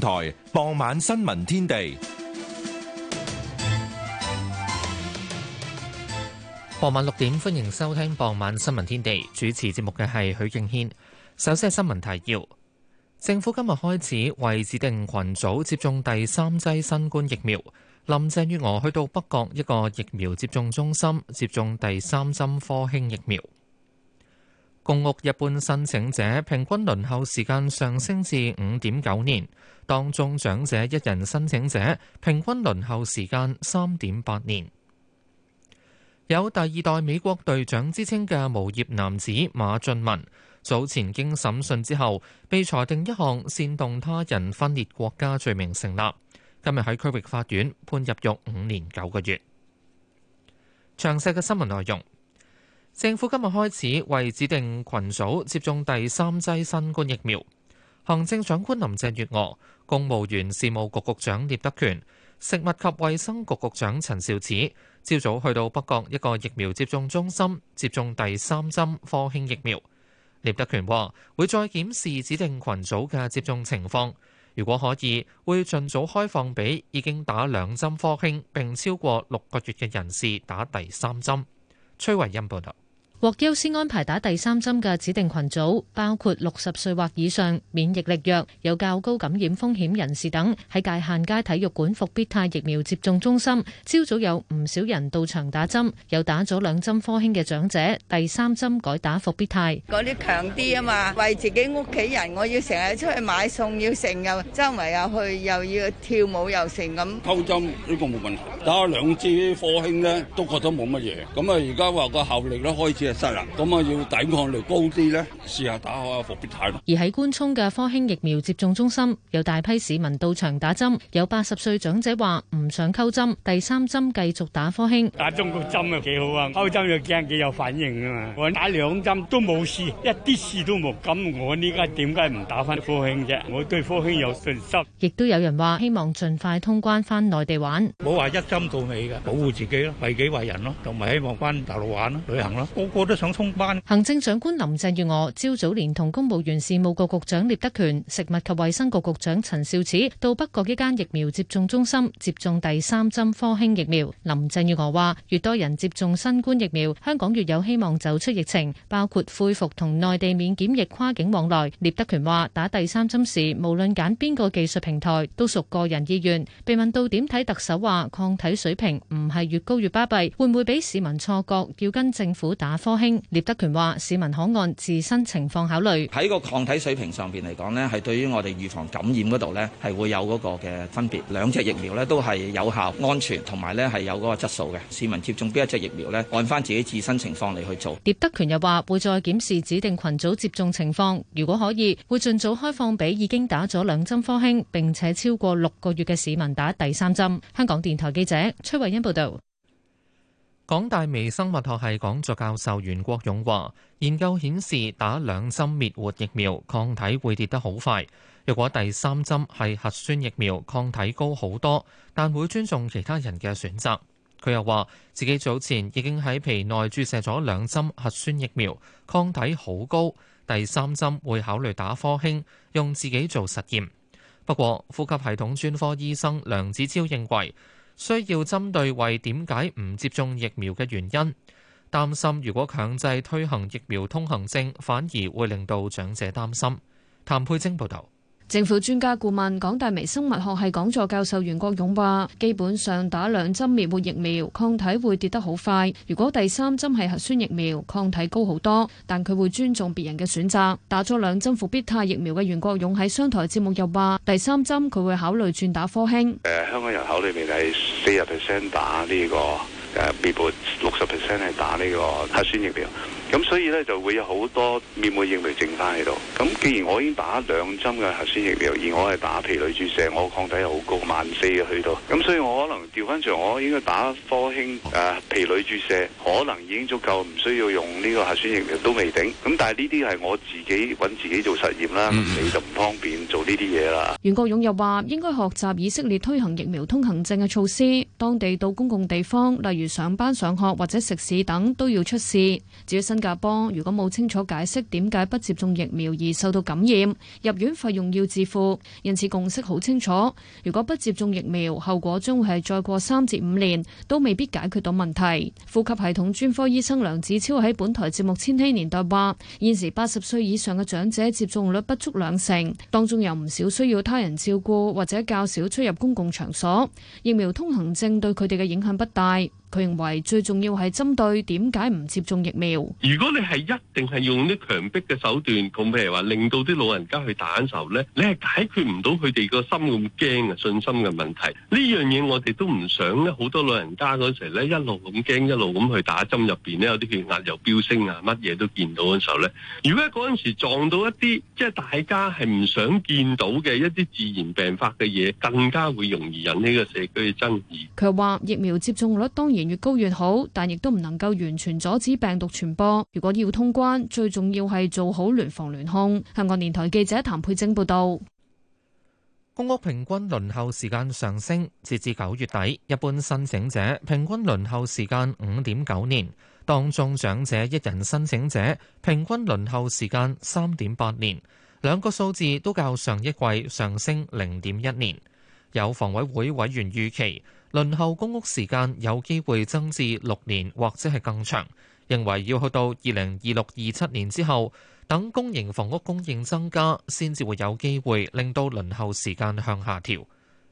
台傍晚新聞天地，傍晚六點歡迎收聽傍晚新聞天地。主持節目嘅係許敬軒。首先係新聞提要：政府今日開始為指定群組接種第三劑新冠疫苗。林鄭月娥去到北角一個疫苗接種中心接種第三針科興疫苗。公屋一般申請者平均輪候時間上升至五點九年。當中長者一人申請者，平均輪候時間三點八年。有第二代美國隊長之稱嘅無業男子馬俊文，早前經審訊之後，被裁定一項煽動他人分裂國家罪名成立，今日喺區域法院判入獄五年九個月。詳細嘅新聞內容，政府今日開始為指定群組接種第三劑新冠疫苗。行政長官林鄭月娥。公務員事務局局長聶德權、食物及衛生局局長陳肇始朝早去到北角一個疫苗接種中心接種第三針科興疫苗。聶德權話會再檢視指定群組嘅接種情況，如果可以，會盡早開放俾已經打兩針科興並超過六個月嘅人士打第三針。崔維恩報道。獲優先安排打第三針嘅指定群組包括六十歲或以上、免疫力弱、有較高感染風險人士等，喺界限街體育館伏必泰疫苗接種中心，朝早有唔少人到場打針，有打咗兩針科興嘅長者，第三針改打伏必泰。嗰啲強啲啊嘛，為自己屋企人，我要成日出去買餸，要成日周圍又去，又要跳舞又成咁。偷針呢個冇問題，打兩支科興呢都覺得冇乜嘢。咁啊，而家話個效力咧開始。咁啊，要抵抗力高啲咧，試下打下復必泰咯。而喺官涌嘅科興疫苗接種中心，有大批市民到場打針。有八十歲長者話：唔想溝針，第三針繼續打科興。打中國針啊，幾好啊！溝針又驚，幾有反應啊嘛！我打兩針都冇事，一啲事都冇。咁我呢家點解唔打翻科興啫？我對科興有信心。亦都有人話：希望盡快通關翻內地玩。冇話一針到尾嘅，保護自己咯，為己為人咯，同埋希望翻大陸玩咯，旅行咯。我都想衝班。行政長官林鄭月娥朝早連同公務員事務局局長聶德權、食物及衛生局局長陳肇始到北角一間疫苗接種中心接種第三針科興疫苗。林鄭月娥話：越多人接種新冠疫苗，香港越有希望走出疫情，包括恢復同內地免檢疫跨境往來。聶德權話：打第三針時，無論揀邊個技術平台，都屬個人意願。被問到點睇特首話抗體水平唔係越高越巴閉，會唔會俾市民錯覺要跟政府打？科興，聶德權話：市民可按自身情況考慮。喺個抗體水平上邊嚟講，呢係對於我哋預防感染嗰度，呢係會有嗰個嘅分別。兩隻疫苗呢都係有效、安全，同埋呢係有嗰個質素嘅。市民接種邊一隻疫苗呢？按返自己自身情況嚟去做。聶德權又話：會再檢視指定群組接種情況，如果可以，會盡早開放俾已經打咗兩針科興，並且超過六個月嘅市民打第三針。香港電台記者崔慧欣報道。港大微生物學系講座教授袁國勇話，研究顯示打兩針滅活疫苗，抗體會跌得好快。若果第三針係核酸疫苗，抗體高好多，但會尊重其他人嘅選擇。佢又話自己早前已經喺皮內注射咗兩針核酸疫苗，抗體好高，第三針會考慮打科興用自己做實驗。不過呼吸系統專科醫生梁子超認為，需要針對為點解唔接種疫苗嘅原因，擔心如果強制推行疫苗通行證，反而會令到長者擔心。譚佩晶報道。政府專家顧問、港大微生物學系講座教授袁國勇話：基本上打兩針滅活疫苗，抗體會跌得好快。如果第三針係核酸疫苗，抗體高好多。但佢會尊重別人嘅選擇。打咗兩針復必泰疫苗嘅袁國勇喺商台節目又話：第三針佢會考慮轉打科興。誒，香港人口裏面係四十 percent 打呢個誒滅活，六十 percent 係打呢個核酸疫苗。咁、嗯、所以咧就會有好多滅活疫苗剩翻喺度。咁既然我已經打兩針嘅核酸疫苗，而我係打皮內注射，我抗體又好高，萬四去到。咁所以我可能調翻場，我應該打科興、啊、皮內注射，可能已經足夠，唔需要用呢個核酸疫苗都未定。咁但係呢啲係我自己揾自己做實驗啦，你就唔方便做呢啲嘢啦。Mm hmm. 袁國勇又話：應該學習以色列推行疫苗通行證嘅措施，當地到公共地方，例如上班、上學或者食肆等，都要出示。至於新新加坡如果冇清楚解釋點解不接種疫苗而受到感染，入院費用要自負。因此共識好清楚，如果不接種疫苗，後果將會係再過三至五年都未必解決到問題。呼吸系統專科醫生梁子超喺本台節目《千禧年代》話：現時八十歲以上嘅長者接種率不足兩成，當中有唔少需要他人照顧或者較少出入公共場所。疫苗通行證對佢哋嘅影響不大。佢認為最重要係針對點解唔接種疫苗。如果你係一定係用啲強迫嘅手段，咁譬如話令到啲老人家去打嘅時候，咧，你係解決唔到佢哋個心咁驚嘅信心嘅問題。呢樣嘢我哋都唔想咧，好多老人家嗰時咧一路咁驚，一路咁去打針入邊咧，有啲血壓又飆升啊，乜嘢都見到嘅時候咧。如果嗰陣時撞到一啲即係大家係唔想見到嘅一啲自然病發嘅嘢，更加會容易引起個社區嘅爭議。佢話疫苗接種率當然，越高越好，但亦都唔能夠完全阻止病毒傳播。如果要通關，最重要係做好聯防聯控。香港電台記者譚佩晶報導。公屋平均輪候時間上升，截至九月底，一般申請者平均輪候時間五點九年，當中長者一人申請者平均輪候時間三點八年，兩個數字都較上一季上升零點一年。有房委會委員預期。輪候公屋時間有機會增至六年或者係更長，認為要去到二零二六二七年之後，等公營房屋供應增加，先至會有機會令到輪候時間向下調。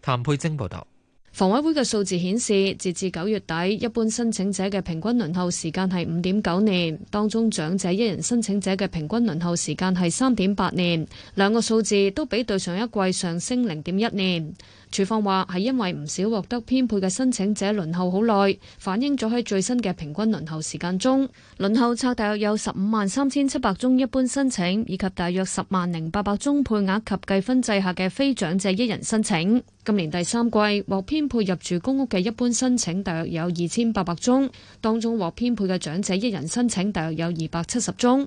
譚佩晶報導。房委會嘅數字顯示，截至九月底，一般申請者嘅平均輪候時間係五點九年，當中長者一人申請者嘅平均輪候時間係三點八年，兩個數字都比對上一季上升零點一年。處方話係因為唔少獲得編配嘅申請者輪候好耐，反映咗喺最新嘅平均輪候時間中，輪候冊大約有十五萬三千七百宗一般申請，以及大約十萬零八百宗配額及計分制下嘅非長者一人申請。今年第三季獲編配入住公屋嘅一般申請大約有二千八百宗，當中獲編配嘅長者一人申請大約有二百七十宗。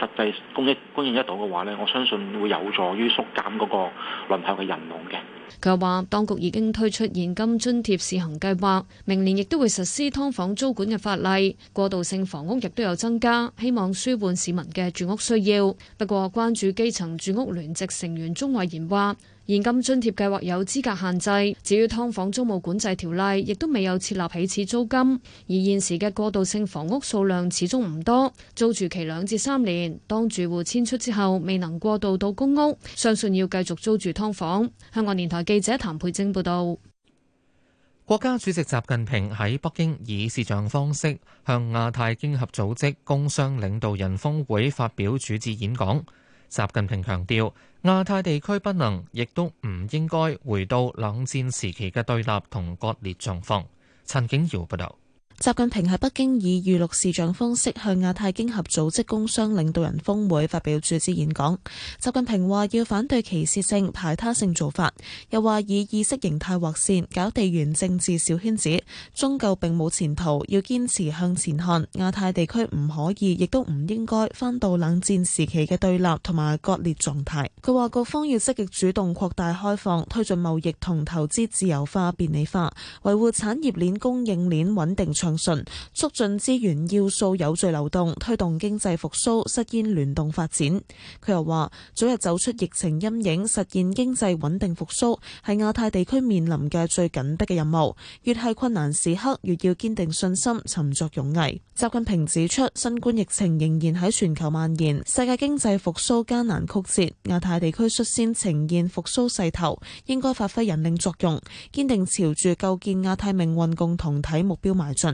實際供應供應一度嘅話咧，我相信會有助於縮減嗰個輪候嘅人龍嘅。佢話：當局已經推出現金津貼試行計劃，明年亦都會實施劏房租管嘅法例。過渡性房屋亦都有增加，希望舒緩市民嘅住屋需要。不過，關注基層住屋聯席成員鍾慧賢話。現金津貼計劃有資格限制，至於劏房租務管制條例，亦都未有設立起始租金。而現時嘅過渡性房屋數量始終唔多，租住期兩至三年，當住戶遷出之後，未能過渡到公屋，相信要繼續租住劏房。香港電台記者譚佩晶報道。國家主席習近平喺北京以視像方式向亞太經合組織工商領導人峰會發表主旨演講。習近平強調，亞太地區不能，亦都唔應該回到冷戰時期嘅對立同割裂狀況。陳景堯報道。習近平喺北京以預錄視像方式向亞太經合組織工商領導人峰會發表主旨演講。習近平話要反對歧視性、排他性做法，又話以意識形態劃線，搞地緣政治小圈子，終究並冇前途。要堅持向前看，亞太地區唔可以，亦都唔應該翻到冷戰時期嘅對立同埋割裂狀態。佢話，各方要積極主動擴大開放，推進貿易同投資自由化、便利化，維護產業鏈、供應鏈穩定長。促進資源要素有序流動，推動經濟復甦，實現聯動發展。佢又話：早日走出疫情陰影，實現經濟穩定復甦，係亞太地區面臨嘅最緊迫嘅任務。越係困難時刻，越要堅定信心，沉着勇毅。習近平指出，新冠疫情仍然喺全球蔓延，世界經濟復甦艱難曲折，亞太地區率先呈現復甦勢頭，應該發揮引領作用，堅定朝住構建亞太命運共同體目標邁進。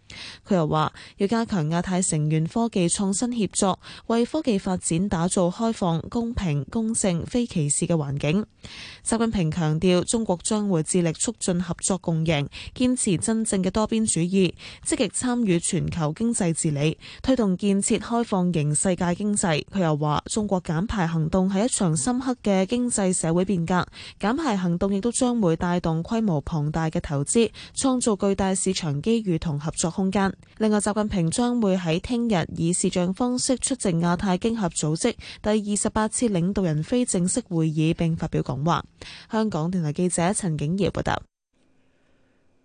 佢又話，要加強亞太成員科技創新協作，為科技發展打造開放、公平、公正、非歧視嘅環境。習近平強調，中國將會致力促進合作共贏，堅持真正嘅多邊主義，積極參與全球經濟治理，推動建設開放型世界經濟。佢又話，中國減排行動係一場深刻嘅經濟社會變革，減排行動亦都將會帶動規模龐大嘅投資，創造巨大市場機遇同合作。另外，習近平將會喺聽日以視像方式出席亞太經合組織第二十八次領導人非正式會議，並發表講話。香港電台記者陳景瑤報道：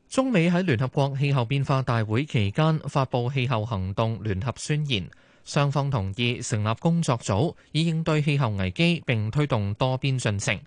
中美喺聯合國氣候變化大會期間發布氣候行動聯合宣言，雙方同意成立工作組以應對氣候危機，並推動多邊進程。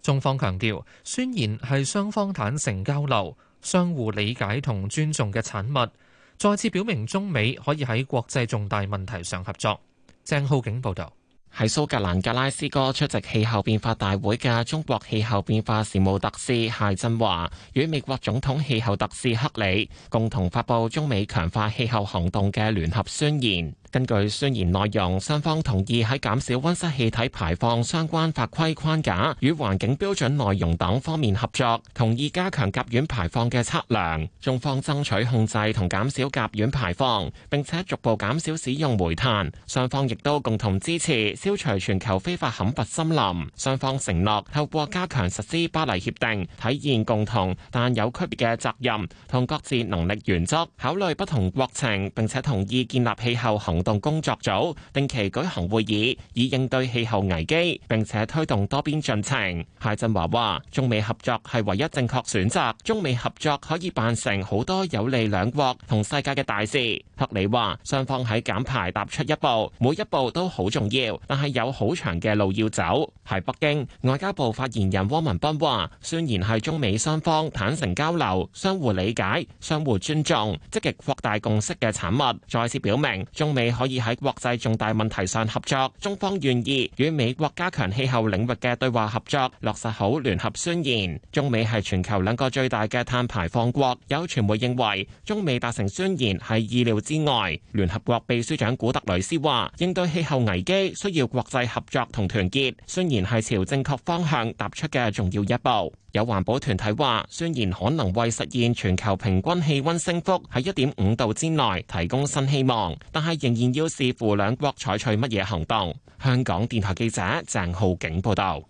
中方強調，宣言係雙方坦誠交流、相互理解同尊重嘅產物。再次表明中美可以喺國際重大問題上合作。鄭浩景報道，喺蘇格蘭格拉斯哥出席氣候變化大會嘅中國氣候變化事務特使解振華與美國總統氣候特使克里共同發布中美強化氣候行動嘅聯合宣言。根據宣言內容，雙方同意喺減少溫室氣體排放相關法規框架與環境標準內容等方面合作，同意加強甲烷排放嘅測量，中方爭取控制同減少甲烷排放，並且逐步減少使用煤炭。雙方亦都共同支持消除全球非法砍伐森林。雙方承諾透過加強實施《巴黎協定》，體現共同但有區別嘅責任同各自能力原則，考慮不同國情，並且同意建立氣候行動工作組定期舉行會議，以應對氣候危機，並且推動多邊進程。解振華話：中美合作係唯一正確選擇，中美合作可以辦成好多有利兩國同世界嘅大事。克里話：雙方喺減排踏出一步，每一步都好重要，但係有好長嘅路要走。喺北京，外交部發言人汪文斌話：宣言係中美雙方坦誠交流、相互理解、相互尊重、積極擴大共識嘅產物，再次表明中美。可以喺國際重大問題上合作，中方願意與美國加強氣候領域嘅對話合作，落實好聯合宣言。中美係全球兩個最大嘅碳排放國，有傳媒認為中美達成宣言係意料之外。聯合國秘書長古特雷斯話：應對氣候危機需要國際合作同團結，宣言係朝正確方向踏出嘅重要一步。有環保團體話，雖然可能為實現全球平均氣溫升幅喺一點五度之內提供新希望，但係仍然要視乎兩國採取乜嘢行動。香港電台記者鄭浩景報道。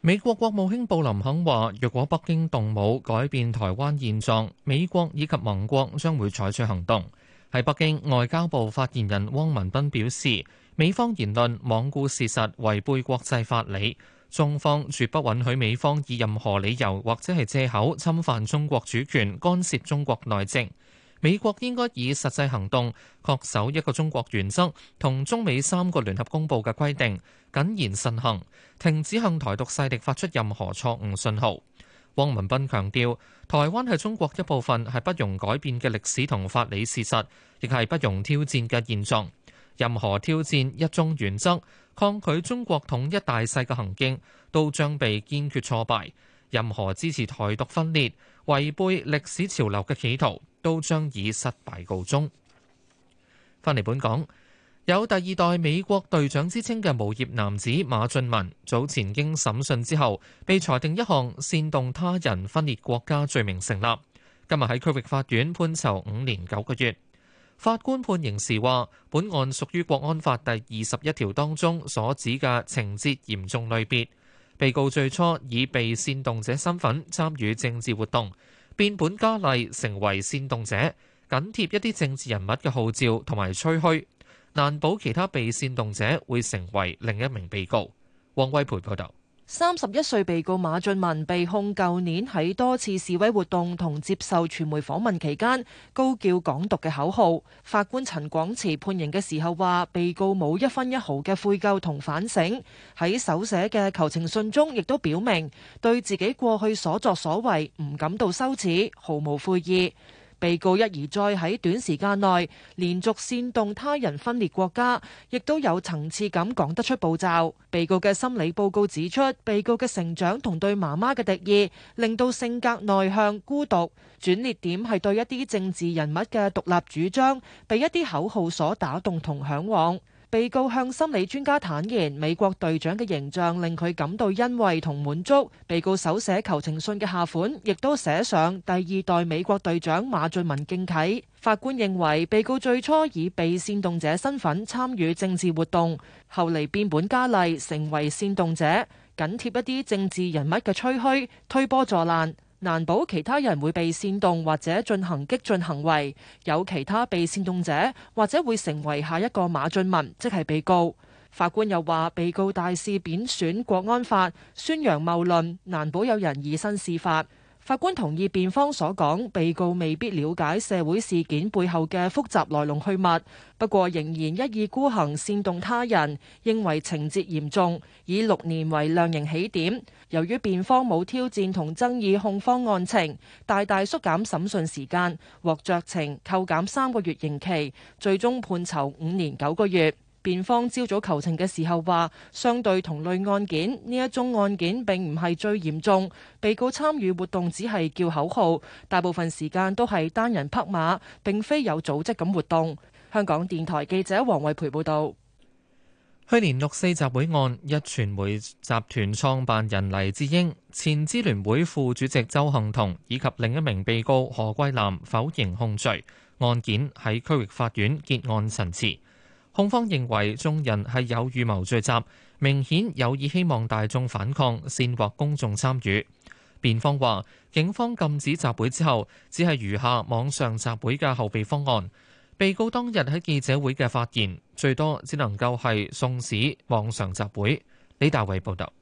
美國國務卿布林肯話，若果北京動武改變台灣現狀，美國以及盟國將會採取行動。喺北京，外交部發言人汪文斌表示，美方言論罔顧事實，違背國際法理。中方絕不允許美方以任何理由或者係借口侵犯中國主權、干涉中國內政。美國應該以實際行動確守一個中國原則同中美三個聯合公布嘅規定，謹言慎行，停止向台獨勢力發出任何錯誤信號。汪文斌強調，台灣係中國一部分係不容改變嘅歷史同法理事實，亦係不容挑戰嘅現狀，任何挑戰一中原則抗拒中國統一大勢嘅行徑，都將被堅決挫敗；任何支持台獨分裂、違背歷史潮流嘅企圖，都將以失敗告終。翻嚟本港，有第二代美國隊長之稱嘅無業男子馬俊文，早前經審訊之後，被裁定一項煽動他人分裂國家罪名成立，今日喺區域法院判囚五年九個月。法官判刑時話：本案屬於《國安法》第二十一條當中所指嘅情節嚴重類別。被告最初以被煽動者身份參與政治活動，變本加厲成為煽動者，緊貼一啲政治人物嘅號召同埋吹噓，難保其他被煽動者會成為另一名被告。王威培報道。三十一歲被告馬俊文被控，舊年喺多次示威活動同接受傳媒訪問期間，高叫港獨嘅口號。法官陳廣慈判刑嘅時候話，被告冇一分一毫嘅悔疚同反省。喺手寫嘅求情信中，亦都表明對自己過去所作所為唔感到羞恥，毫無悔意。被告一而再喺短時間內連續煽動他人分裂國家，亦都有層次咁講得出步驟，被告嘅心理報告指出，被告嘅成長同對媽媽嘅敵意，令到性格內向孤獨，轉捩點，係對一啲政治人物嘅獨立主張，被一啲口號所打動同向往。被告向心理專家坦言，美國隊長嘅形象令佢感到欣慰同滿足。被告手寫求情信嘅下款，亦都寫上第二代美國隊長馬俊文敬啟。法官認為，被告最初以被煽動者身份參與政治活動，後嚟變本加厲，成為煽動者，緊貼一啲政治人物嘅吹噓，推波助瀾。難保其他人會被煽動或者進行激進行為，有其他被煽動者或者會成為下一個馬俊文，即係被告。法官又話：被告大肆貶損國安法，宣揚謬論，難保有人以身試法。法官同意辯方所講，被告未必了解社會事件背後嘅複雜來龍去脈，不過仍然一意孤行煽動他人，認為情節嚴重，以六年為量刑起點，由於辯方冇挑戰同爭議控方案情，大大縮減審訊時間，獲酌情扣減三個月刑期，最終判囚五年九個月。辯方朝早求情嘅時候話，相對同類案件，呢一宗案件並唔係最嚴重。被告參與活動只係叫口號，大部分時間都係單人匹馬，並非有組織咁活動。香港電台記者黃惠培報道。去年六四集會案，壹傳媒集團創辦人黎智英、前支聯會副主席鄒幸彤，以及另一名被告何桂藍否認控罪，案件喺區域法院結案陳詞。控方認為眾人係有預謀聚集，明顯有意希望大眾反抗，煽惑公眾參與。辯方話，警方禁止集會之後，只係餘下網上集會嘅後備方案。被告當日喺記者會嘅發言，最多只能夠係送史網上集會。李大偉報道。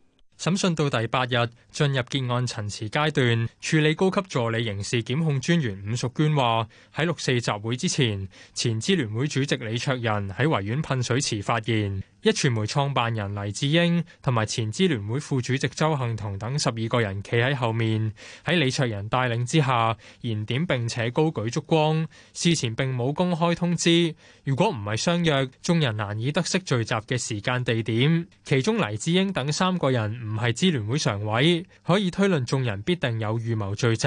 審訊到第八日，進入結案陳詞階，階段。處理高級助理刑事檢控專員伍淑娟話：喺六四集會之前，前支聯會主席李卓人喺維園噴水池發現。一傳媒創辦人黎智英同埋前支聯會副主席周幸彤等十二個人企喺後面，喺李卓人帶領之下燃點並且高舉燭光。事前並冇公開通知，如果唔係相約，眾人難以得悉聚集嘅時間地點。其中黎智英等三個人唔係支聯會常委，可以推論眾人必定有預謀聚集，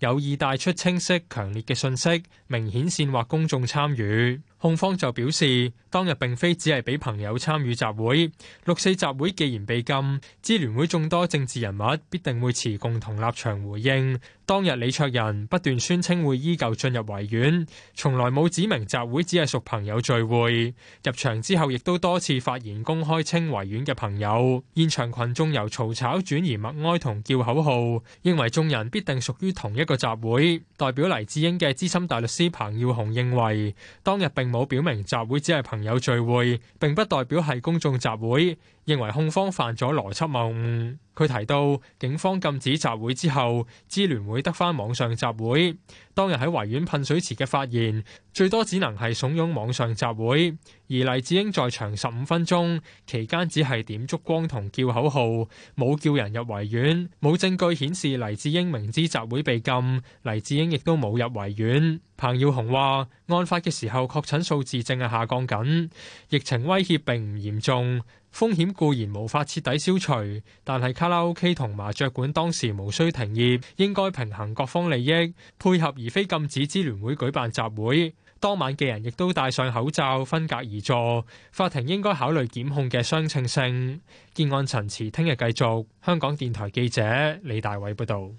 有意帶出清晰強烈嘅信息，明顯煽惑公眾參與。控方就表示，當日並非只係俾朋友參與集會六四集會既然被禁，支聯會眾多政治人物必定會持共同立場回應。當日李卓人不斷宣稱會依舊進入維園，從來冇指明集會只係屬朋友聚會，入場之後亦都多次發言公開稱維園嘅朋友。現場群眾由嘈吵轉移默哀同叫口號，認為眾人必定屬於同一個集會。代表黎智英嘅資深大律師彭耀雄認為當日並冇表明集會只係朋友聚會，並不代表係公眾集會。認為控方犯咗邏輯謬誤。佢提到，警方禁止集會之後，支聯會得返網上集會。當日喺維園噴水池嘅發言，最多只能係慫恿網上集會。而黎智英在場十五分鐘期間，只係點燭光同叫口號，冇叫人入維園，冇證據顯示黎智英明知集會被禁。黎智英亦都冇入維園。彭耀雄話，案發嘅時候確診數字正係下降緊，疫情威脅並唔嚴重。風險固然無法徹底消除，但係卡拉 OK 同麻雀館當時無需停業，應該平衡各方利益，配合而非禁止支聯會舉辦集會。當晚嘅人亦都戴上口罩，分隔而坐。法庭應該考慮檢控嘅相稱性。結案陳詞聽日繼續。香港電台記者李大偉報道：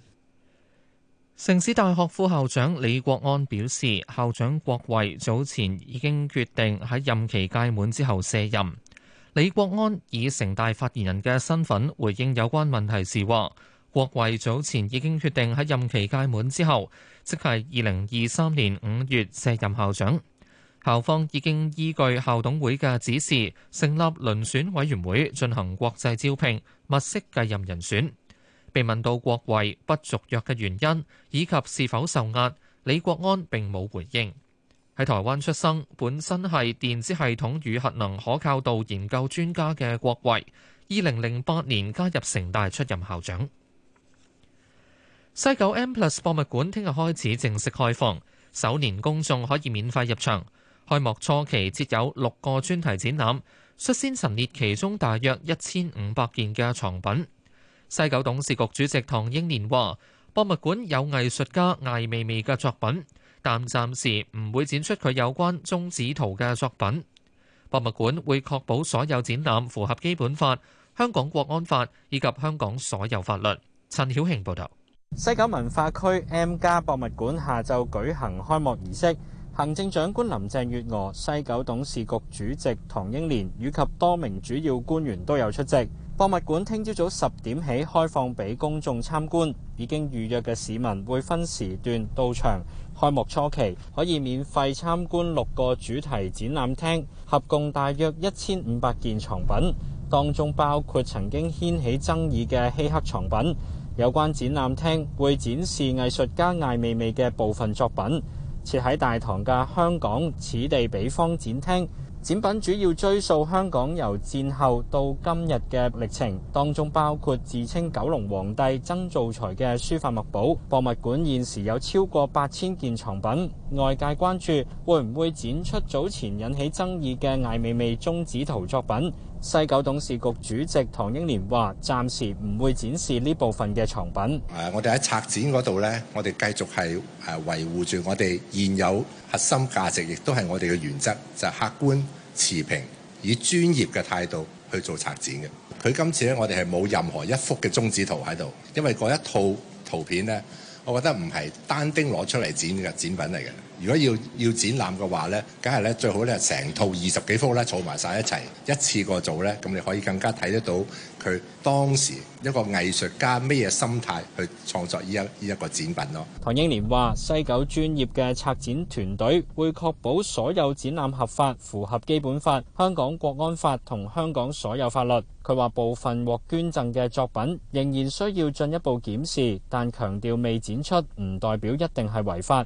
「城市大學副校長李國安表示，校長郭位早前已經決定喺任期屆滿之後卸任。李國安以城大發言人嘅身份回應有關問題時話：郭位早前已經決定喺任期屆滿之後，即係二零二三年五月卸任校長。校方已經依據校董會嘅指示，成立遴選委員會進行國際招聘，物色繼任人選。被問到郭位不續約嘅原因以及是否受壓，李國安並冇回應。喺台灣出生，本身係電子系統與核能可靠度研究專家嘅郭位，二零零八年加入城大出任校長。西九 M+ 博物館聽日開始正式開放，首年公眾可以免費入場。開幕初期設有六個專題展覽，率先陳列其中大約一千五百件嘅藏品。西九董事局主席唐英年話：博物館有藝術家艾未未嘅作品。暫暫時唔會展出佢有關中指圖嘅作品。博物館會確保所有展覽符合基本法、香港國安法以及香港所有法律。陳曉慶報道。西九文化區 M+ 博物館下晝舉行開幕儀式，行政長官林鄭月娥、西九董事局主席唐英年以及多名主要官員都有出席。博物館聽朝早十點起開放俾公眾參觀，已經預約嘅市民會分時段到場。開幕初期可以免費參觀六個主題展覽廳，合共大約一千五百件藏品，當中包括曾經掀起爭議嘅希克藏品。有關展覽廳會展示藝術家艾未未嘅部分作品，設喺大堂嘅香港此地彼方展廳。展品主要追溯香港由戰後到今日嘅歷程，當中包括自稱九龍皇帝曾灶財嘅書法墨寶。博物館現時有超過八千件藏品，外界關注會唔會展出早前引起爭議嘅艾未未中指圖作品。西九董事局主席唐英年話，暫時唔會展示呢部分嘅藏品。誒、啊，我哋喺策展嗰度咧，我哋繼續係誒、啊、維護住我哋現有核心價值，亦都係我哋嘅原則，就係客觀持平，以專業嘅態度去做策展嘅佢今次咧，我哋係冇任何一幅嘅宗旨圖喺度，因為嗰一套圖片咧，我覺得唔係單丁攞出嚟展嘅展品嚟嘅。如果要要展覽嘅話咧，梗係咧最好咧，成套二十幾幅咧，儲埋晒一齊一次過做咧，咁你可以更加睇得到佢當時一個藝術家咩嘢心態去創作呢一呢一個展品咯。唐英年話西九專業嘅策展團隊會確保所有展覽合法，符合基本法、香港國安法同香港所有法律。佢話部分獲捐贈嘅作品仍然需要進一步檢視，但強調未展出唔代表一定係違法。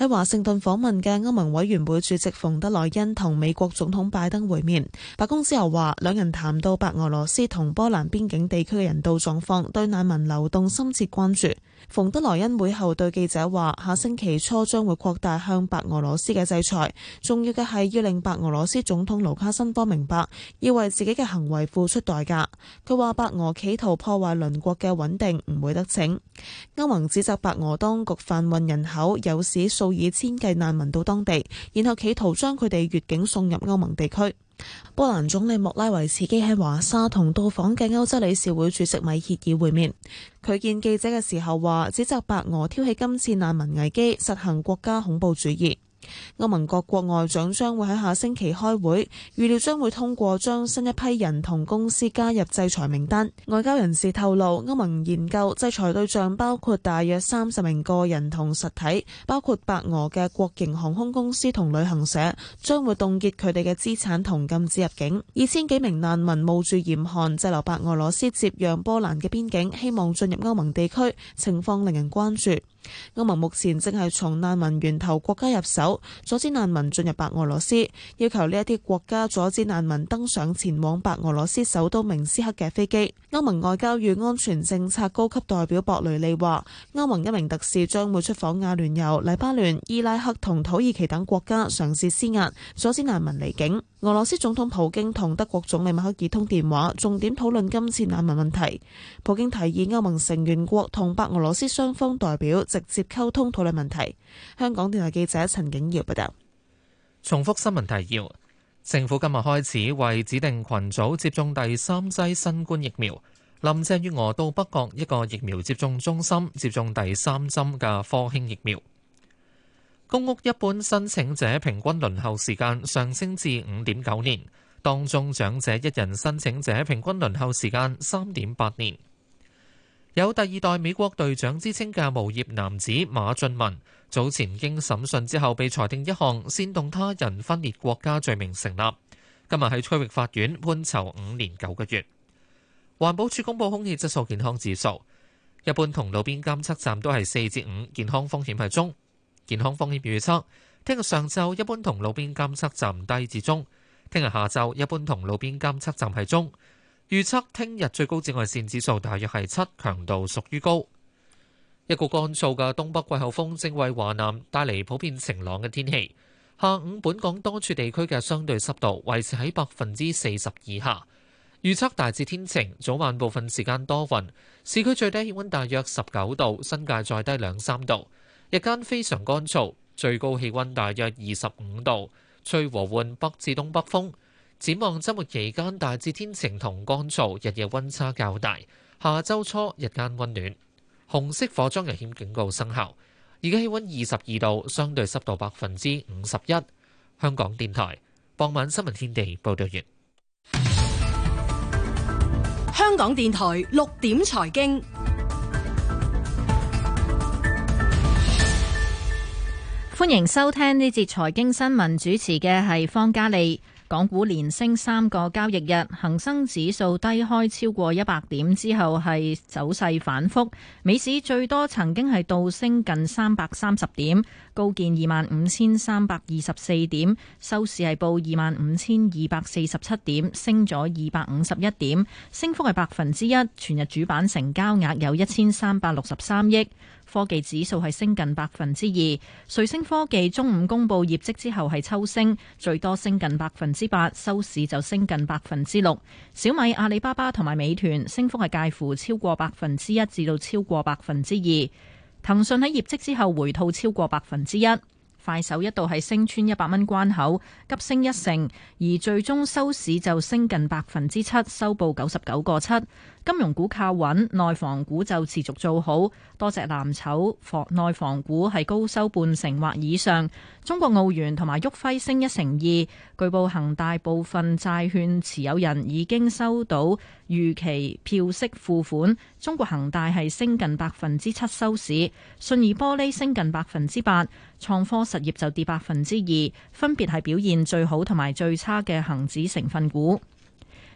喺華盛頓訪問嘅歐盟委員會主席馮德萊恩同美國總統拜登會面，白宮之後話，兩人談到白俄羅斯同波蘭邊境地區嘅人道狀況，對難民流動深切關注。馮德萊恩會後對記者話，下星期初將會擴大向白俄羅斯嘅制裁，重要嘅係要令白俄羅斯總統盧卡申科明白要為自己嘅行為付出代價。佢話白俄企圖破壞鄰國嘅穩定唔會得逞。歐盟指責白俄當局販運人口，誘使數以千計難民到當地，然後企圖將佢哋越境送入歐盟地區。波蘭總理莫拉維茨基喺華沙同到訪嘅歐洲理事會主席米歇爾會面。佢見記者嘅時候話，指責白俄挑起今次難民危機，實行國家恐怖主義。歐盟各國外長將會喺下星期開會，預料將會通過將新一批人同公司加入制裁名單。外交人士透露，歐盟研究制裁對象包括大約三十名個人同實體，包括白俄嘅國營航空公司同旅行社，將會凍結佢哋嘅資產同禁止入境。二千幾名難民冒住嚴寒滯留白俄羅斯接壤波蘭嘅邊境，希望進入歐盟地區，情況令人關注。歐盟目前正係從難民源頭國家入手，阻止難民進入白俄羅斯，要求呢一啲國家阻止難民登上前往白俄羅斯首都明斯克嘅飛機。歐盟外交與安全政策高級代表博雷利話，歐盟一名特使將會出訪阿聯酋、黎巴嫩、伊拉克同土耳其等國家，嘗試施壓，阻止難民離境。俄羅斯總統普京同德國總理默克爾通電話，重點討論今次難民問題。普京提議歐盟成員國同白俄羅斯雙方代表。直接溝通討論問題。香港電台記者陳景耀報道。重複新聞提要。政府今日開始為指定群組接種第三劑新冠疫苗。林鄭月娥到北角一個疫苗接種中心接種第三針嘅科興疫苗。公屋一般申請者平均輪候時間上升至五點九年，當中長者一人申請者平均輪候時間三點八年。有第二代美國隊長之稱嘅無業男子馬俊文，早前經審訊之後被裁定一項煽動他人分裂國家罪名成立，今日喺區域法院判囚五年九個月。環保署公布空氣質素健康指數，一般同路邊監測站都係四至五，健康風險係中。健康風險預測，聽日上晝一般同路邊監測站低至中，聽日下晝一般同路邊監測站係中。預測聽日最高紫外線指數大約係七，強度屬於高。一股乾燥嘅東北季候風正為華南帶嚟普遍晴朗嘅天氣。下午本港多處地區嘅相對濕度維持喺百分之四十以下。預測大致天晴，早晚部分時間多雲。市區最低氣溫大約十九度，新界再低兩三度。日間非常乾燥，最高氣溫大約二十五度，吹和緩北至東北風。展望周末期間，大致天晴同乾燥，日夜溫差較大。下周初日間溫暖。紅色火災危險警告生效，而家氣溫二十二度，相對濕度百分之五十一。香港電台傍晚新聞天地報道完。香港電台六點財經，歡迎收聽呢節財經新聞，主持嘅係方嘉莉。港股連升三個交易日，恒生指數低開超過一百點，之後係走勢反復。美市最多曾經係倒升近三百三十點，高見二萬五千三百二十四點，收市係報二萬五千二百四十七點，升咗二百五十一點，升幅係百分之一。全日主板成交額有一千三百六十三億。科技指數係升近百分之二，瑞聲科技中午公布業績之後係抽升，最多升近百分之八，收市就升近百分之六。小米、阿里巴巴同埋美團升幅係介乎超過百分之一至到超過百分之二。騰訊喺業績之後回吐超過百分之一，快手一度係升穿一百蚊關口，急升一成，而最終收市就升近百分之七，收報九十九個七。金融股靠穩，內房股就持續做好，多隻藍籌房內房股係高收半成或以上。中國奧園同埋旭輝升一成二。據報恒大部分債券持有人已經收到預期票息付款。中國恒大係升近百分之七收市，信義玻璃升近百分之八，創科實業就跌百分之二，分別係表現最好同埋最差嘅恒指成分股。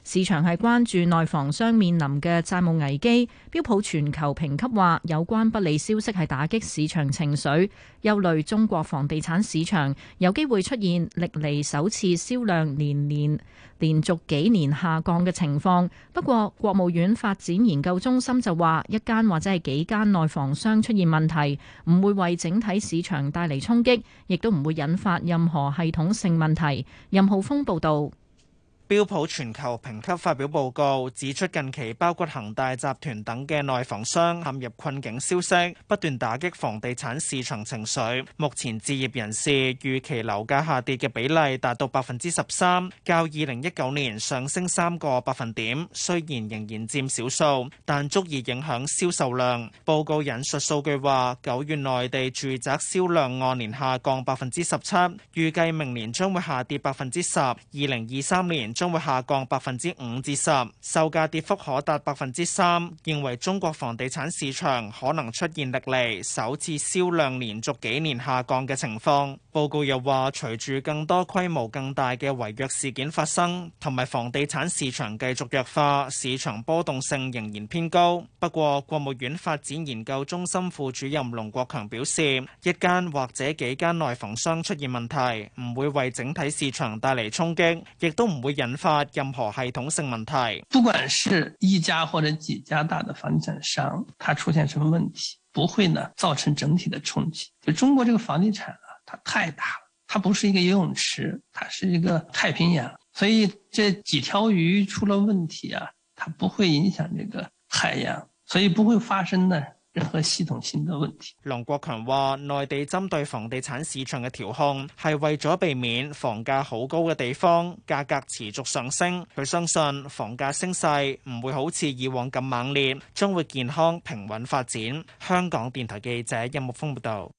市場係關注內房商面臨嘅債務危機，標普全球評級話有關不利消息係打擊市場情緒，憂慮中國房地產市場有機會出現歷嚟首次銷量年年連，連，連續幾年下降嘅情況。不過，國務院發展研究中心就話一間或者係幾間內房商出現問題，唔會為整體市場帶嚟衝擊，亦都唔會引發任何系統性問題。任浩峰報導。標普全球評級發表報告指出，近期包括恒大集團等嘅內房商陷入困境消息，不斷打擊房地產市場情緒。目前置業人士預期樓價下跌嘅比例達到百分之十三，較二零一九年上升三個百分點。雖然仍然佔少數，但足以影響銷售量。報告引述數據話，九月內地住宅銷量按年下降百分之十七，預計明年將會下跌百分之十，二零二三年，將會下降百分之五至十，售價跌幅可達百分之三。認為中國房地產市場可能出現歷嚟，首次銷量連續幾年下降嘅情況。報告又話，隨住更多規模更大嘅違約事件發生，同埋房地產市場繼續弱化，市場波動性仍然偏高。不過，國務院發展研究中心副主任龍國強表示，一間或者幾間內房商出現問題，唔會為整體市場帶嚟衝擊，亦都唔會有。引發任何系統性問題，不管是一家或者幾家大的房地產商，它出現什麼問題，不會呢造成整體的衝擊。就中國這個房地產啊，它太大了，它不是一個游泳池，它是一個太平洋，所以這幾條魚出了問題啊，它不會影響這個海洋，所以不會發生呢，任何系統性嘅問題。梁國強話：內地針對房地產市場嘅調控，係為咗避免房價好高嘅地方價格持續上升。佢相信房價升勢唔會好似以往咁猛烈，將會健康平穩發展。香港電台記者任木峰報道。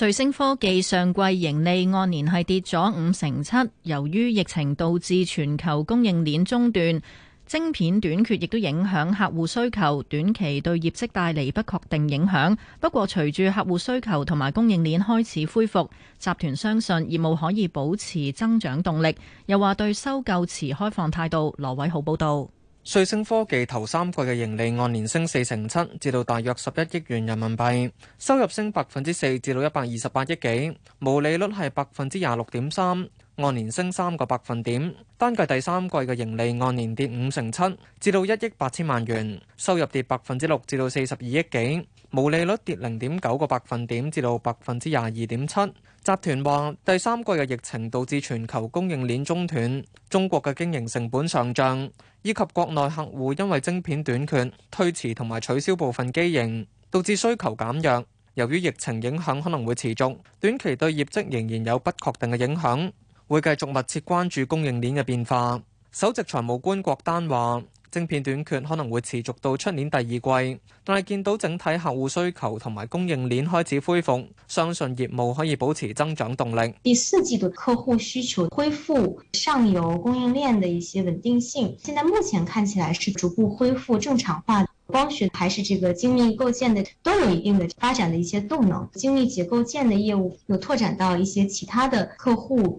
瑞星科技上季盈利按年係跌咗五成七，由於疫情導致全球供應鏈中斷。晶片短缺亦都影響客戶需求，短期對業績帶嚟不確定影響。不過，隨住客戶需求同埋供應鏈開始恢復，集團相信業務可以保持增長動力。又話對收購持開放態度。羅偉豪報道。瑞星科技頭三季嘅盈利按年升四成七，至到大約十一億元人民幣，收入升百分之四，至到一百二十八億幾，毛利率係百分之廿六點三，按年升三個百分點。單計第三季嘅盈利按年跌五成七，至到一億八千萬元，收入跌百分之六，至到四十二億幾，毛利率跌零點九個百分點，至到百分之廿二點七。集團話：第三季嘅疫情導致全球供應鏈中斷，中國嘅經營成本上漲，以及國內客戶因為晶片短缺推遲同埋取消部分機型，導致需求減弱。由於疫情影響可能會持續，短期對業績仍然有不確定嘅影響，會繼續密切關注供應鏈嘅變化。首席財務官郭丹話。晶片短缺可能會持續到出年第二季，但係見到整體客戶需求同埋供應鏈開始恢復，相信業務可以保持增長動力。第四季度客戶需求恢復，上游供應鏈的一些穩定性，現在目前看起來是逐步恢復正常化。光學還是這個精密構件的都有一定的發展的一些動能，精密結構件的業務有拓展到一些其他的客戶。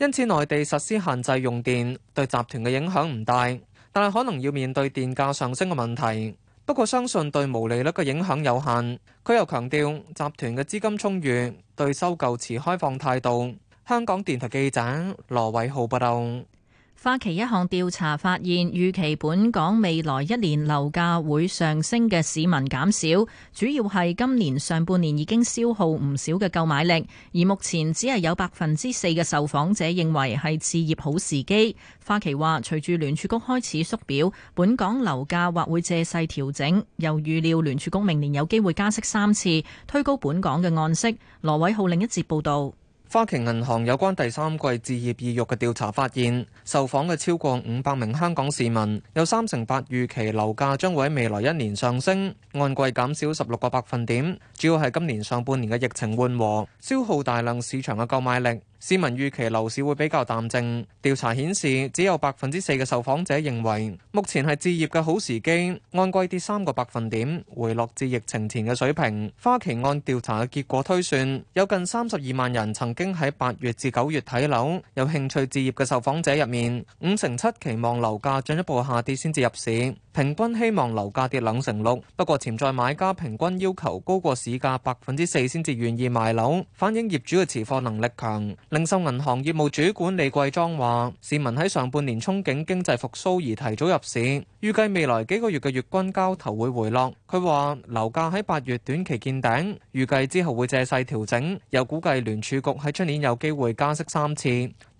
因此，內地實施限制用電對集團嘅影響唔大，但係可能要面對電價上升嘅問題。不過，相信對毛利率嘅影響有限。佢又強調，集團嘅資金充裕，對收購持開放態度。香港電台記者羅偉浩報道。花旗一項調查發現，預期本港未來一年樓價會上升嘅市民減少，主要係今年上半年已經消耗唔少嘅購買力，而目前只係有百分之四嘅受訪者認為係置業好時機。花旗話，隨住聯儲局開始縮表，本港樓價或會借勢調整，又預料聯儲局明年有機會加息三次，推高本港嘅按息。羅偉浩另一節報道。花旗銀行有關第三季置業意欲嘅調查發現，受訪嘅超過五百名香港市民，有三成八預期樓價將會喺未來一年上升，按季減少十六個百分點，主要係今年上半年嘅疫情緩和，消耗大量市場嘅購買力。市民預期樓市會比較淡靜。調查顯示，只有百分之四嘅受訪者認為目前係置業嘅好時機，按季跌三個百分點，回落至疫情前嘅水平。花旗按調查嘅結果推算，有近三十二萬人曾經喺八月至九月睇樓。有興趣置業嘅受訪者入面，五成七期望樓價進一步下跌先至入市，平均希望樓價跌兩成六。不過，潛在買家平均要求高過市價百分之四先至願意買樓，反映業主嘅持貨能力強。零售銀行業務主管李桂莊話，市民喺上半年憧憬經濟復蘇而提早入市，預計未來幾個月嘅月均交投會回落。佢話樓價喺八月短期見頂，預計之後會借勢調整。又估計聯儲局喺出年有機會加息三次。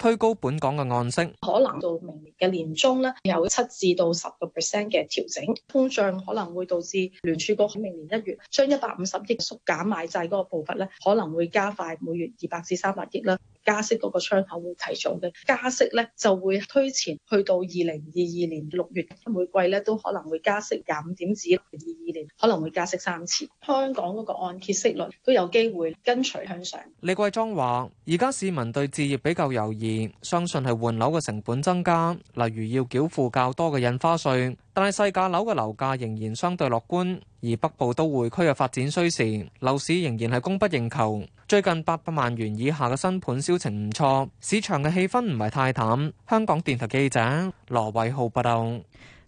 推高本港嘅按息，可能到明年嘅年中咧，有七至到十個 percent 嘅調整。通脹可能會導致聯儲局明年一月將一百五十億縮減買債嗰個步伐咧，可能會加快每月二百至三百億啦。加息嗰個窗口會提早嘅加息咧，就會推前去到二零二二年六月每季咧，都可能會加息廿五點至二二年可能會加息三次。香港嗰個按揭息率都有機會跟隨向上。李桂莊話而家市民對置業比較猶豫。相信係換樓嘅成本增加，例如要繳付較多嘅印花稅。但係細價樓嘅樓價仍然相對樂觀，而北部都會區嘅發展需時，樓市仍然係供不應求。最近八百萬元以下嘅新盤銷情唔錯，市場嘅氣氛唔係太淡。香港電台記者羅偉浩報道。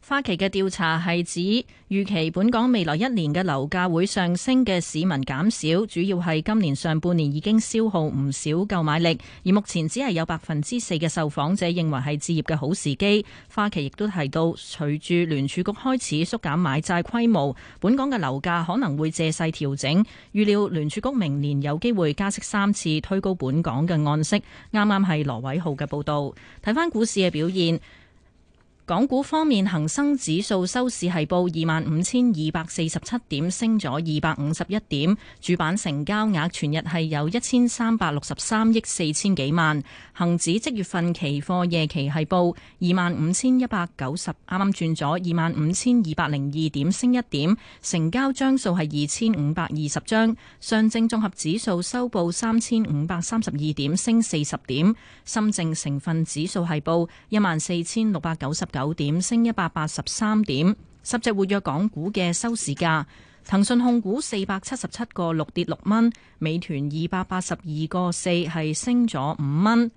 花旗嘅調查係指，預期本港未來一年嘅樓價會上升嘅市民減少，主要係今年上半年已經消耗唔少購買力，而目前只係有百分之四嘅受訪者認為係置業嘅好時機。花旗亦都提到，隨住聯儲局開始縮減買債規模，本港嘅樓價可能會借勢調整。預料聯儲局明年有機會加息三次，推高本港嘅按息。啱啱係羅偉浩嘅報導，睇翻股市嘅表現。港股方面，恒生指數收市係報二萬五千二百四十七點，升咗二百五十一點。主板成交額全日係有一千三百六十三億四千幾萬。恒指即月份期貨夜期係報二萬五千一百九十，啱啱轉咗二萬五千二百零二點，升一點。成交張數係二千五百二十張。上證綜合指數收報三千五百三十二點，升四十點。深證成分指數係報一萬四千六百九十，九點升一百八十三點，十隻活躍港股嘅收市價，騰訊控股四百七十七個六跌六蚊，美團二百八十二個四係升咗五蚊，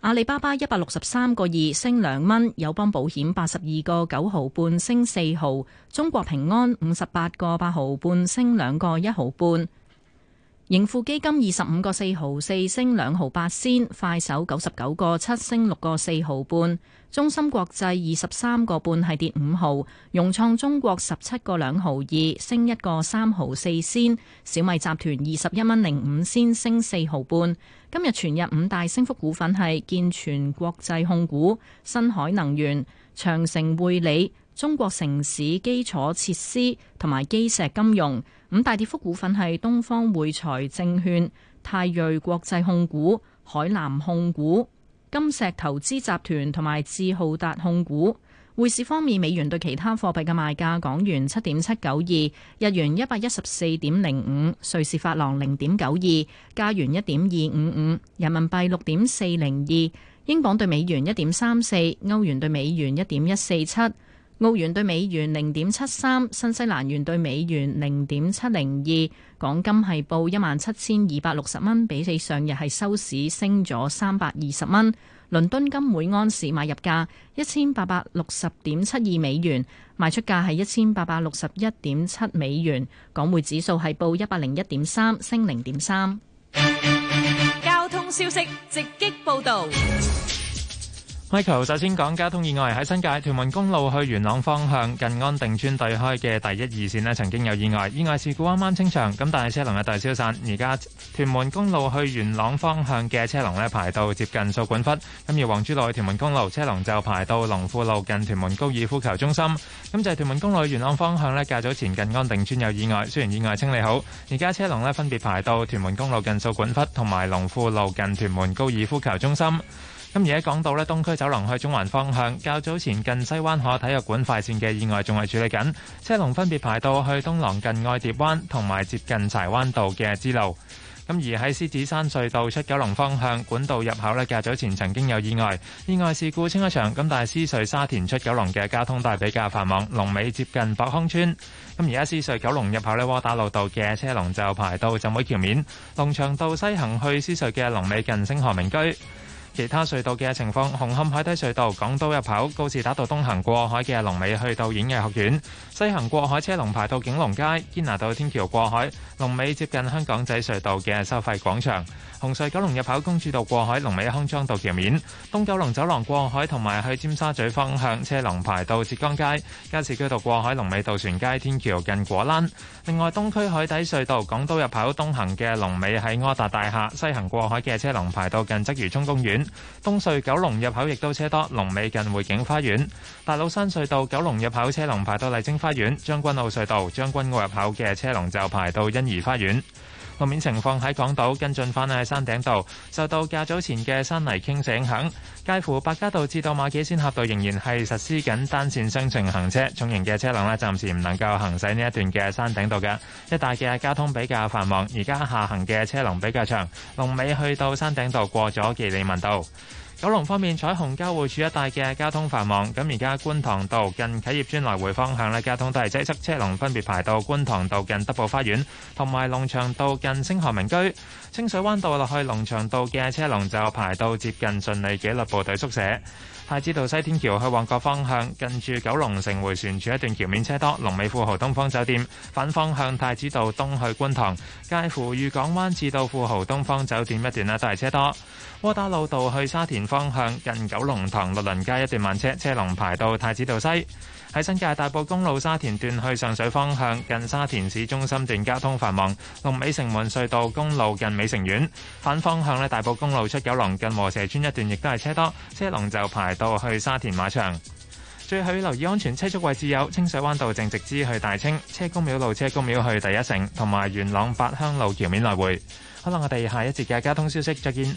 阿里巴巴一百六十三個二升兩蚊，友邦保險八十二個九毫半升四毫，中國平安五十八個八毫半升兩個一毫半。盈富基金二十五個四毫四升兩毫八仙，快手九十九個七升六個四毫半，中芯國際二十三個半係跌五毫，融創中國十七個兩毫二升一個三毫四仙，小米集團二十一蚊零五仙升四毫半。今日全日五大升幅股份係健全國際控股、新海能源、長城匯理、中國城市基礎設施同埋基石金融，五大跌幅股份係東方匯財證券、泰瑞國際控股、海南控股、金石投資集團同埋智浩達控股。匯市方面，美元對其他貨幣嘅賣價：港元七點七九二，日元一百一十四點零五，瑞士法郎零點九二，加元一點二五五，人民幣六點四零二，英鎊對美元一點三四，歐元對美元一點一四七。澳元兌美元零點七三，新西蘭元兌美元零點七零二，港金係報一萬七千二百六十蚊，比起上日係收市升咗三百二十蚊。倫敦金每安士買入價一千八百六十點七二美元，賣出價係一千八百六十一點七美元。港匯指數係報一百零一點三，升零點三。交通消息直擊報導。Michael 首先講交通意外喺新界屯門公路去元朗方向近安定村對開嘅第一二線咧，曾經有意外，意外事故啱啱清場，咁但係車龍又大消散。而家屯門公路去元朗方向嘅車龍咧排到接近掃管笏，咁而皇珠路去屯門公路車龍就排到龍富路近屯門高爾夫球中心。咁就係屯門公路去元朗方向咧，較早前近安定村有意外，雖然意外清理好，而家車龍咧分別排到屯門公路近掃管笏同埋龍富路近屯門高爾夫球中心。咁而家港島呢，東區走廊去中環方向，較早前近西灣河體育館快線嘅意外仲係處理緊，車龍分別排到去東廊近愛蝶灣，同埋接近柴灣道嘅支路。咁而喺獅子山隧道出九龍方向管道入口呢，較早前曾經有意外，意外事故清咗場。咁但係獅隧沙田出九龍嘅交通都係比較繁忙，龍尾接近博康村。咁而家獅隧九龍入口呢，窩打路道嘅車龍就排到浸會橋面，龍翔道西行去獅隧嘅龍尾近星河明居。其他隧道嘅情況：紅磡海底隧道港島入口、告士打道東行過海嘅龍尾去到演藝學院，西行過海車龍排到景隆街、堅拿道天橋過海，龍尾接近香港仔隧道嘅收費廣場。紅隧九龍入口，公主道過海，龍尾康莊道橋面；東九龍走廊過海同埋去尖沙咀方向，車龍排到浙江街；加士居道過海，龍尾渡船街天橋近果欄。另外，東區海底隧道港島入口東行嘅龍尾喺柯達大廈，西行過海嘅車龍排到近鰂魚涌公園。東隧九龍入口亦都車多，龍尾近匯景花園。大老山隧道九龍入口車龍排到麗晶花園。將軍澳隧道將軍澳入口嘅車龍就排到欣怡花園。路面情況喺港島跟進翻去山頂道，受到較早前嘅山泥傾瀉影響，介乎白加道至到馬己仙峽道仍然係實施緊單線雙程行車，重型嘅車輛咧暫時唔能夠行駛呢一段嘅山頂道嘅。一帶嘅交通比較繁忙，而家下行嘅車龍比較長，龍尾去到山頂道過咗傑利文道。九龍方面，彩虹交匯處一帶嘅交通繁忙，咁而家觀塘道近啟業邨來回方向呢交通都係擠塞，車龍分別排到觀塘道近德寶花園，同埋龍翔道近星河明居，清水灣道落去龍翔道嘅車龍就排到接近順利紀律部隊宿舍。太子道西天橋去旺角方向，近住九龍城回旋處一段橋面車多；龍尾富豪東方酒店反方向太子道東去觀塘，介乎御港灣至到富豪東方酒店一段咧，都係車多。窩打老道去沙田方向，近九龍塘六輪街一段慢車，車龍排到太子道西。喺新界大埔公路沙田段去上水方向，近沙田市中心段交通繁忙；龍尾城門隧道公路近美城苑反方向咧，大埔公路出九龍近禾輋村一段亦都係車多，車龍就排到去沙田馬場。最後要留意安全車速位置，有清水灣道正直之去大清車公廟路車公廟去第一城，同埋元朗八鄉路橋面來回。好啦，我哋下一節嘅交通消息再見。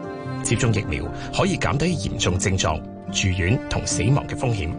接種疫苗可以減低嚴重症狀、住院同死亡嘅風險。